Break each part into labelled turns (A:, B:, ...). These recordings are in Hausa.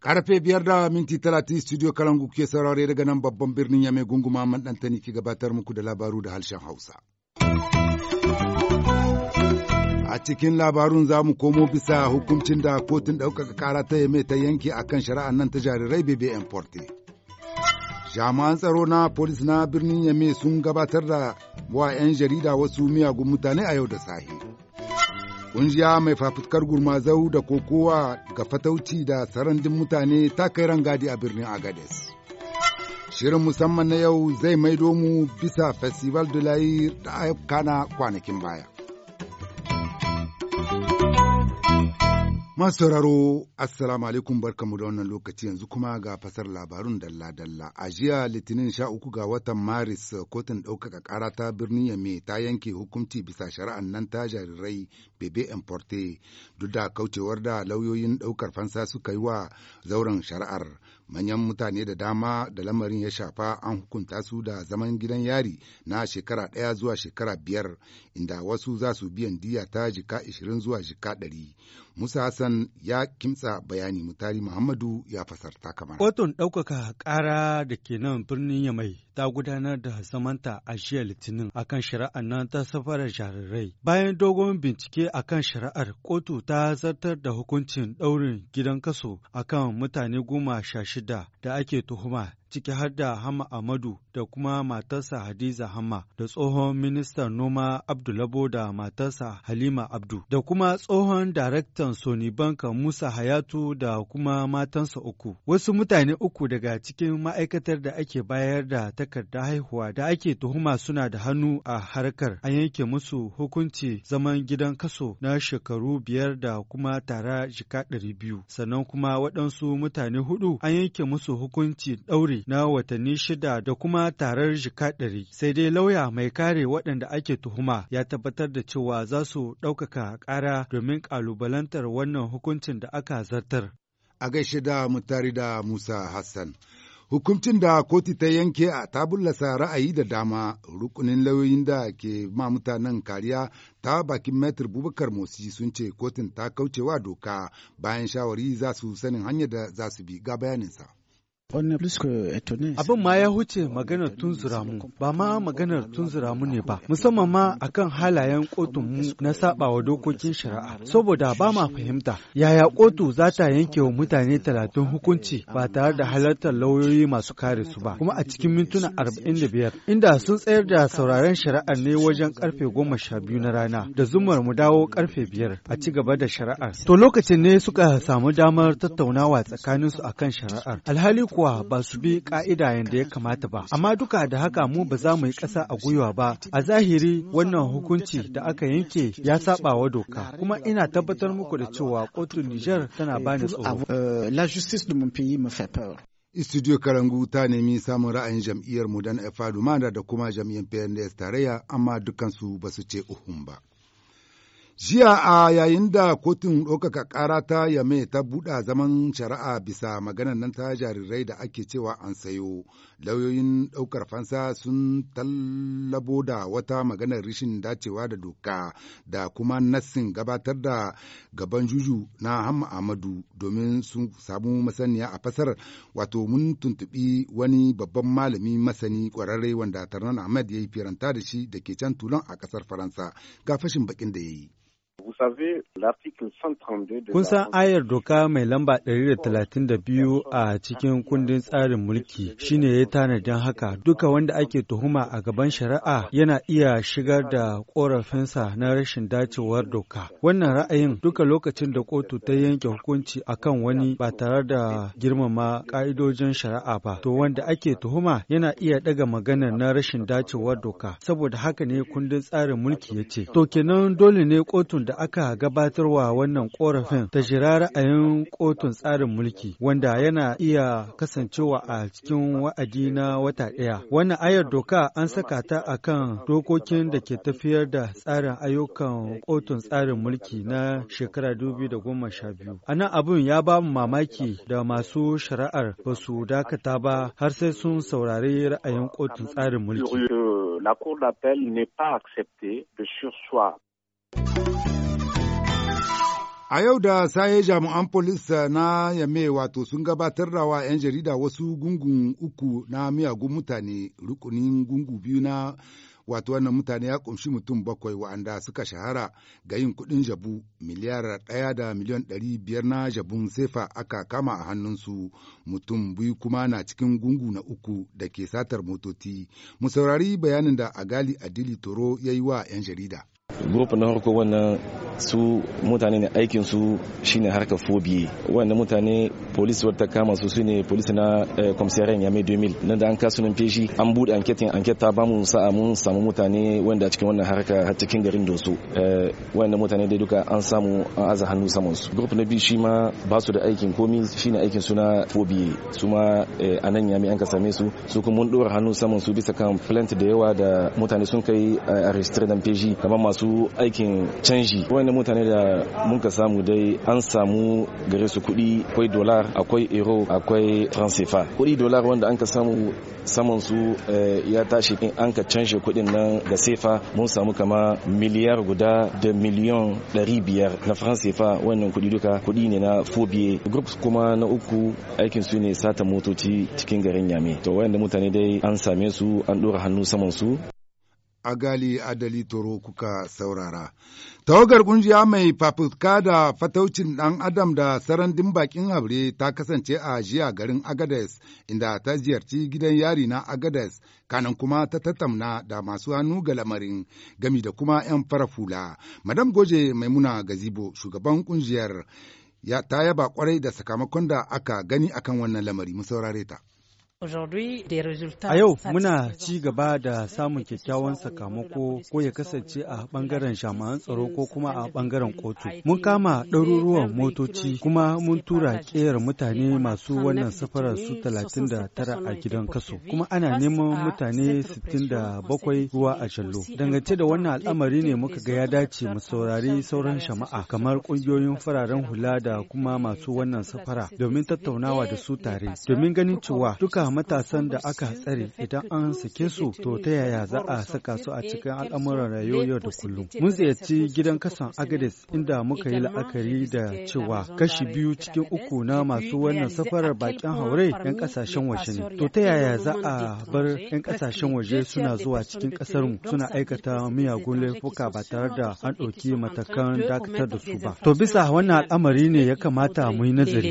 A: Karfe biyar da minti talatin Studio Kalangu ke saurare daga nan babban birnin Yame Gunguma Mandantani ke gabatar muku da labaru da harshen Hausa. A cikin labarun za mu komo bisa hukuncin da kotun ɗaukaka kara ta yame ta yanke akan shari'a nan ta jarirai BBN Forte. jami'an tsaro na polis na birnin yame sun gabatar da wa 'yan jarida wasu miyagun mutane a yau da sahi ƙungiya mai fafutukar gurmazau da kokowa ga fatauci da sarandin mutane ta kai rangadi a birnin agades shirin musamman na yau zai maido mu bisa festival de da aka kana kwanakin baya Masu sauraro, Assalamu alaikum barkamu da wannan lokaci yanzu kuma ga fasar labarun dalla-dalla. A jiya Litinin sha uku ga watan Maris kotun ɗaukaka ƙara ta birnin Yame ta yanke hukunci bisa shari'an nan ta jarirai Bebe porte duk da kaucewar da lauyoyin ɗaukar fansa suka yi wa zauren shari'ar. manyan mutane da dama da lamarin ya shafa an hukunta su da zaman gidan yari na shekara ɗaya zuwa shekara biyar inda wasu za su biyan diya ta jika ishirin zuwa jika ɗari. Musa Hassan ya kimtsa bayani mutari Muhammadu ya fasarta kamar. Kotun ɗaukaka
B: ƙara da ke nan birnin Yamai ta gudanar da zamanta a jiya Litinin akan shari'ar nan ta safarar jarirai. Bayan dogon bincike akan shari'ar, kotu ta zartar da hukuncin ɗaurin gidan kaso akan mutane goma sha shida da ake tuhuma ciki har da Hama Amadu da kuma matarsa Hadiza Hama, da tsohon ministan noma Abdulabo da matarsa Halima Abdu da kuma tsohon daraktan Sony Banka Musa Hayatu da kuma matansa uku. Wasu mutane uku daga cikin ma'aikatar da ake bayar da takardar haihuwa da ake tuhuma suna da hannu a harkar an yanke musu hukunci zaman gidan kaso na shekaru biyar da kuma tara jika ɗari biyu sannan kuma waɗansu mutane hudu an yanke musu hukunci ɗauri. na watanni shida da kuma tarar jika ɗari. Sai dai lauya mai kare waɗanda ake tuhuma ya tabbatar da cewa za su ɗaukaka ƙara domin ƙalubalantar wannan hukuncin da aka zartar.
A: A gaishe da mutari da Musa Hassan. Hukuncin da koti ta yanke a tabullasa ra'ayi da dama rukunin lauyoyin da ke ma mutanen kariya ta bakin metir bubakar motsi sun ce kotun ta kaucewa doka bayan shawari za su sanin hanyar da za su bi ga bayaninsa.
B: Abin ma ya huce maganar tunzura mu, ba ma maganar tunzura mu ne ba, musamman ma akan halayen kotunmu na sabawa dokokin shari'a. Saboda ba ma fahimta, yaya kotu za ta yanke wa mutane talatin hukunci ba tare da halartar lauyoyi masu kare su ba, kuma a cikin mintuna arba'in da biyar, inda sun tsayar da sauraren shari'ar ne wajen karfe goma sha biyu na rana, da zumar mu dawo karfe biyar a ci gaba da shari'ar. To lokacin ne suka samu damar tattaunawa tsakaninsu akan shari'ar. Alhali bukukuwa ba su bi ka'ida yadda ya kamata ba. Amma duka da haka mu ba za mu yi ƙasa a gwiwa ba. A zahiri wannan hukunci da aka yanke ya saba wa doka. Kuma ina tabbatar muku da cewa kotun Nijar tana ni tsoro. Euh,
A: la justice de mon pays me fait peur. Studio Karangu ta nemi samun ra'ayin jam'iyyar mu dan Efadu Mada da kuma jam'iyyar PNDS tarayya amma dukansu ba su ce uhun ba. Jiya a yayin da kotun ɗaukaka ƙara ta Yame ta buɗa zaman shari'a bisa maganar nan ta jarirai da ake cewa an sayo, lauyoyin ɗaukar fansa sun tallabo da wata maganar rishin dacewa da doka da kuma nassin gabatar da gaban juju na Hamma Ahmadu domin sun samu masaniya a fasar wato mun tuntuɓi wani babban malami masani ƙwararre wanda Tarnan Ahmad ya yi firanta da shi da ke can tulon a ƙasar Faransa ga fashin bakin da ya
C: yi. Kun
B: san ayar doka mai lamba 132 a cikin kundin tsarin mulki shine ya tanadin haka duka wanda ake tuhuma a gaban shari'a yana iya shigar da korafinsa na rashin dacewar doka. Wannan ra'ayin duka lokacin da kotu ta yanke hukunci akan wani ba tare da girmama ka'idojin shari'a ba, to wanda ake tuhuma yana iya daga magana na rashin dacewar doka. Saboda haka ne kundin tsarin mulki ya ce, to kenan dole ne kotun da aka gabatarwa wannan korafin ta jira ra'ayin kotun tsarin mulki wanda yana iya kasancewa a cikin wa'adi na wata ɗaya. Wannan ayar doka an saka ta a kan dokokin da ke tafiyar da tsarin ayyukan kotun tsarin mulki na shekara da biyu. A nan abin ya ba mu mamaki da masu shari'ar ba su dakata ba har sai sun saurari ra'ayin kotun tsarin mulki.
C: La Cour d'appel n'est pas acceptée de sursoir A yau
A: da saye jami'an polis eh, na Yame wato sun gabatar da wa 'yan jarida wasu gungun uku na miyagun mutane rukunin gungu biyu na wato wannan mutane ya kunshi mutum bakwai wa'anda suka shahara ga yin kuɗin jabu miliyar ɗaya da miliyan ɗari biyar na jabun sefa aka kama a hannunsu mutum biyu kuma na cikin gungu na uku da ke satar motoci mu saurari bayanin da agali adili toro ya yi wa 'yan jarida.
C: Grup na harko wannan su mutane ne aikin su shine harkar fobiye wanda mutane polisi wadda kama su su ne polisi na komisariyan eh, yame 2000 nan da an kasu nan feshi an bude anketin anket ta bamu sa'a mun samu mutane wanda a cikin wannan harka har cikin garin dosu eh, wanda mutane dai duka an samu an aza hannu saman su group na biyu shi ma ba su da aikin komi shine aikin su na fobiye su ma eh, a nan yame an ka same su su kuma mun dora hannu saman su bisa kan plant da yawa da mutane sun kai a registrar dan feshi kamar masu aikin canji waɗanda mutane da muka samu dai an samu gare su kuɗi akwai dolar akwai euro akwai transfer kuɗi dolar wanda an ka samu saman su eh, ya tashi in an ka canje kuɗin nan da sefa mun samu kama miliyar guda da miliyan ɗari biyar na francefa wannan kuɗi duka kuɗi ne na fobie group kuma na uku aikin su ne sata motoci cikin garin yame to wayanda mutane dai an same su an ɗora hannu saman su
A: agali adali toro kuka saurara.
C: Tawagar kungiya mai fafutka da fataucin
A: ɗan adam da sarandin bakin habre ta kasance a jiya garin Agades inda ta ziyarci gidan yari na Agades kanan kuma ta tattauna da masu hannu ga lamarin gami da kuma 'yan fara fula. Madam Goje Maimuna Gazibo shugaban kungiyar ya ta yaba kwarai da sakamakon da aka gani akan wannan lamari mu saurare ta.
B: A yau muna
A: ci gaba da samun kyakkyawan sakamako
B: ko ya kasance a bangaren jami'an tsaro ko kuma a bangaren kotu. Mun kama ɗaruruwan motoci kuma mun tura ƙeyar mutane masu wannan safarar su 39 a gidan kaso. Kuma ana neman mutane 67 ruwa a shallo. Dangance da wannan al'amari ne muka ga ya dace mu saurari sauran shama'a kamar ƙungiyoyin fararen hula da kuma masu wannan safara domin tattaunawa da su tare. Domin ganin cewa duka matasan da aka tsare idan an sake su to ta yaya za a saka su a cikin al'amuran rayuwar da kullum. Mun ziyarci gidan kasan Agades inda muka yi la'akari da cewa kashi biyu cikin uku na masu wannan safarar bakin haure 'yan kasashen waje ne. To ta yaya za a bar 'yan kasashen waje suna zuwa cikin mu suna aikata miyagun laifuka ba tare da an ɗauki matakan dakatar da su ba. To bisa wannan
A: al'amari ne ya kamata mu yi nazari.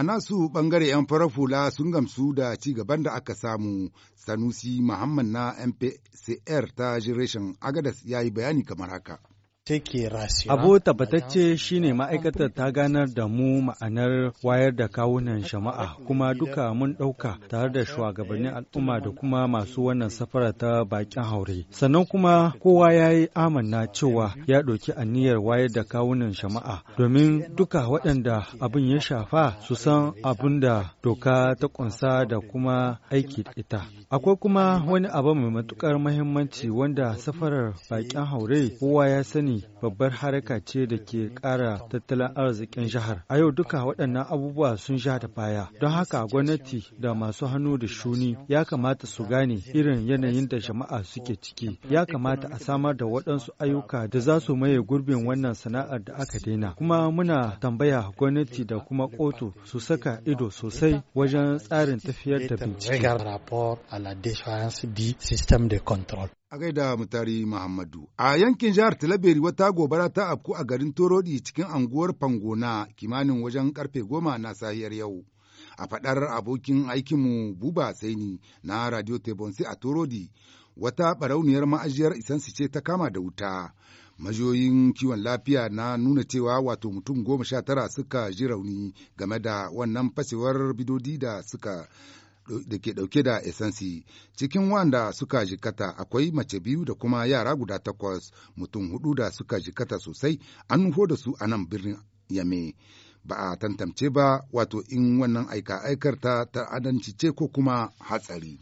A: A nasu ɓangare 'yan farar hula sun gamsu da ci gaban da aka samu Sanusi Muhammad na MPCR ta Jireshin Agadas ya yi bayani kamar haka. take Abu tabbatacce
B: shine ma'aikatar ta ganar da mu ma'anar wayar da kawunan jama'a kuma duka mun ɗauka tare da shugabannin al'umma da kuma masu wannan safara ta bakin haure. Sannan kuma kowa ya yi amanna cewa ya ɗauki aniyar wayar da kawunan jama'a domin duka waɗanda abin ya shafa su san abin da doka ta ƙunsa da kuma aiki ita. Akwai kuma wani abu mai matuƙar muhimmanci wanda safarar bakin haure kowa ya sani sani babbar haraka ce da ke ƙara tattalin arzikin jihar. A yau duka waɗannan abubuwa sun sha da baya. Don haka gwamnati da masu hannu da shuni ya kamata su gane irin yanayin da jama'a suke ciki. Ya kamata a samar da waɗansu ayyuka da za su maye gurbin wannan sana'ar da aka daina. Kuma muna tambaya gwamnati da kuma kotu su saka ido sosai wajen tsarin tafiyar da bincike.
A: A gaida mutari Muhammadu. A yankin jihar Talabiri wata gobara ta afku a garin Torodi cikin anguwar Fangona kimanin wajen karfe goma na sahiyar yau. A faɗar abokin aikinmu Buba Saini na Radio sai a Torodi, wata barauniyar ma'ajiyar isansu ce ta kama da wuta. majoyin kiwon lafiya na nuna cewa wato mutum goma sha tara suka ji rauni game da wannan fasewar bidodi da suka da ke ɗauke da esansi cikin wanda suka jikata akwai mace biyu da kuma yara guda takwas mutum hudu da suka jikata sosai an nufo da su a nan birnin yame ba a tantance ba wato in wannan aika aikar ta ta'adanci ce ko kuma hatsari.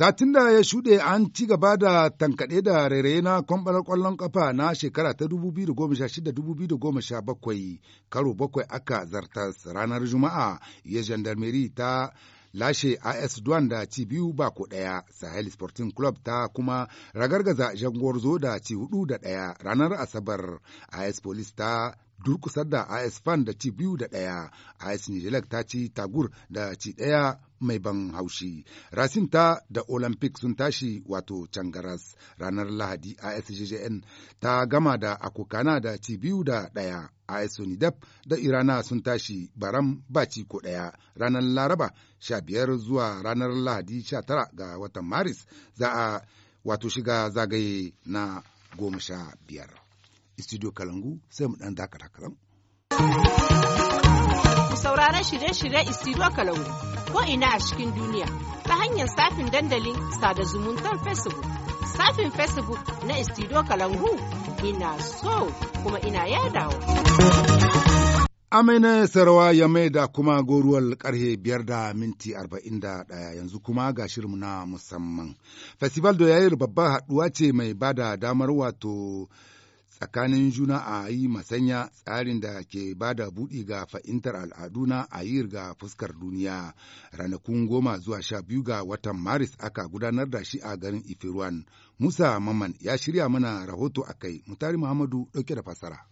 A: Satin da ya shuɗe an ci gaba da tankaɗe da rairaye na kwamɓarar ƙwallon ƙafa na shekara ta 2016-2017 karo bakwai aka zartas ranar Juma'a ya gendarmeri ta lashe AS Duan da ci biyu ba ko ɗaya, Sahel Sporting Club ta kuma ragargaza jangorzo da ci hudu da ɗaya ranar Asabar, AS Police ta durkusar da AS Fan da ci biyu da ɗaya, AS Nijelak ta ci Tagur da ci ɗaya mai ban haushi. Rasinta da Olympic sun tashi wato Cangaras ranar Lahadi JJN ta gama da Akokana da ci biyu da ɗaya. AS Unidep da Irana sun tashi baram baci ko ɗaya ranar Laraba Sha biyar zuwa ranar Lahadi sha tara ga watan Maris za a wato shiga zagaye na goma sha biyar. studio kalangu sai mu dan dakata kalan.
B: sauraron shirye shiryen studio kalangu ko ina a cikin duniya ta hanyar safin dandalin sada zumuntar facebook safin facebook na studio kalangu ina so kuma ina yadawa
A: Amina sarwa ya mai da kuma goruwar karhe biyar da minti arba'in da ɗaya yanzu kuma ga shirmu na musamman festival da babbar haɗuwa ce mai ba da damar wato tsakanin juna a yi masanya tsarin da ke ba da buɗi ga fahimtar al'aduna a yi ga fuskar duniya ranakun goma zuwa sha biyu ga watan maris aka gudanar da shi a garin ifiruwan musa maman ya shirya mana rahoto a kai mutari muhammadu ɗauke da fasara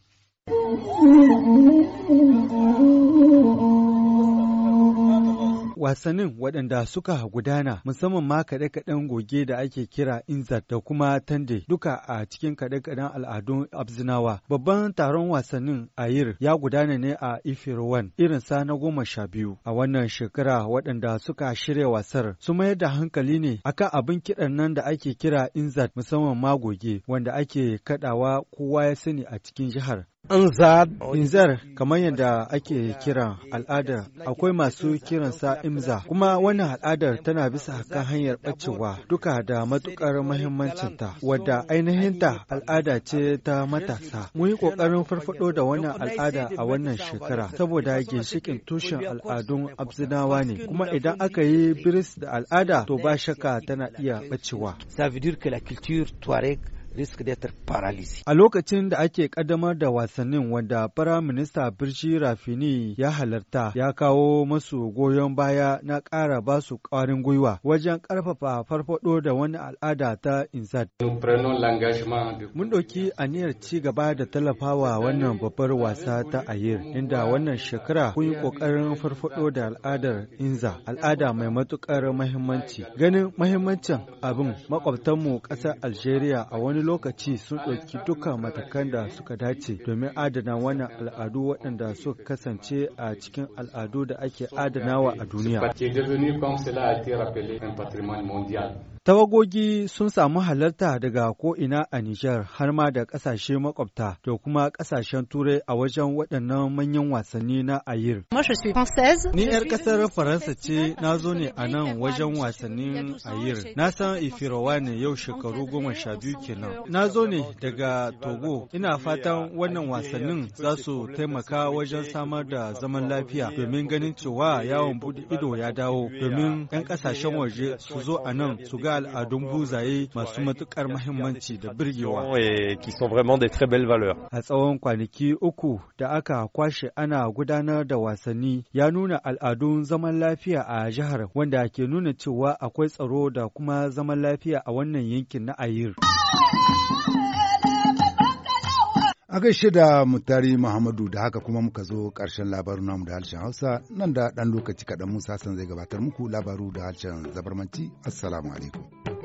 A: wasannin waɗanda
B: suka gudana musamman ma kaɗe-kaɗen goge da ake kira inzat da kuma tande duka a cikin kaɗe-kaɗen al'adun abzinawa. Babban taron wasannin ayir ya gudana ne a Ifirwan irin sa na goma sha biyu. A wannan shekara waɗanda suka shirya wasar su mayar da hankali ne akan abin kiɗan nan da ake kira inzat musamman ma goge wanda ake kaɗawa kowa ya sani a cikin jihar. an Inzar kamar yadda ake kira al'adar akwai masu kiransa imza kuma wannan al'adar tana bisa kan hanyar ɓacewa duka da matukar mahimmancinta wadda ainihinta al'ada ce ta matasa. Mun yi ƙoƙarin farfado da wannan al'ada a wannan shekara saboda ginshikin tushen al'adun abzinawa ne kuma idan aka yi biris da al'ada to ba shaka tana iya ɓacewa. risk d'être paralysis. A lokacin da ake kaddamar da wasannin wanda Firaminista Minista Birji Rafini ya halarta ya kawo masu goyon baya na ƙara basu su ƙwarin gwiwa wajen ƙarfafa farfaɗo da wani al'ada ta insat. Mun ɗauki aniyar ci gaba da tallafawa wannan babbar wasa ta Ayir inda wannan shekara kun yi ƙoƙarin farfaɗo da al'adar Inza al'ada mai matuƙar mahimmanci. Ganin mahimmancin abin makwabtanmu ƙasar Algeria a wani lokaci sun ɗauki duka matakan da suka dace domin adana wannan al'adu waɗanda suka kasance a cikin al'adu da ake adanawa a duniya. Tawagogi sun samu halarta daga ko'ina a Nijar har ma da ƙasashe makwabta da kuma ƙasashen Turai a wajen waɗannan manyan wasanni na Ayir.
C: Ni 'yar ƙasar
B: Faransa ce na zo ne a nan wajen wasannin Ayir. Na san Ifirawa ne yau shekaru goma sha biyu kenan. Na zo ne daga Togo. Ina fatan wannan wasannin za su taimaka wajen samar da zaman lafiya domin ganin cewa yawon buɗe ido ya dawo domin 'yan ƙasashen waje su zo a nan su ga al'adun buzaye masu matuƙar mahimmanci da birgewa. A tsawon kwanaki uku da aka kwashe ana gudanar da wasanni ya nuna al'adun zaman lafiya a jihar wanda ke nuna cewa akwai tsaro da kuma zaman lafiya a wannan yankin na Ayir.
A: A gaishe da Mutari Muhammadu da haka kuma muka zo ƙarshen labarin namu da harshen Hausa nan da ɗan lokaci kaɗan Musa san zai gabatar muku labaru da harshen zabarmanci. Assalamu alaikum.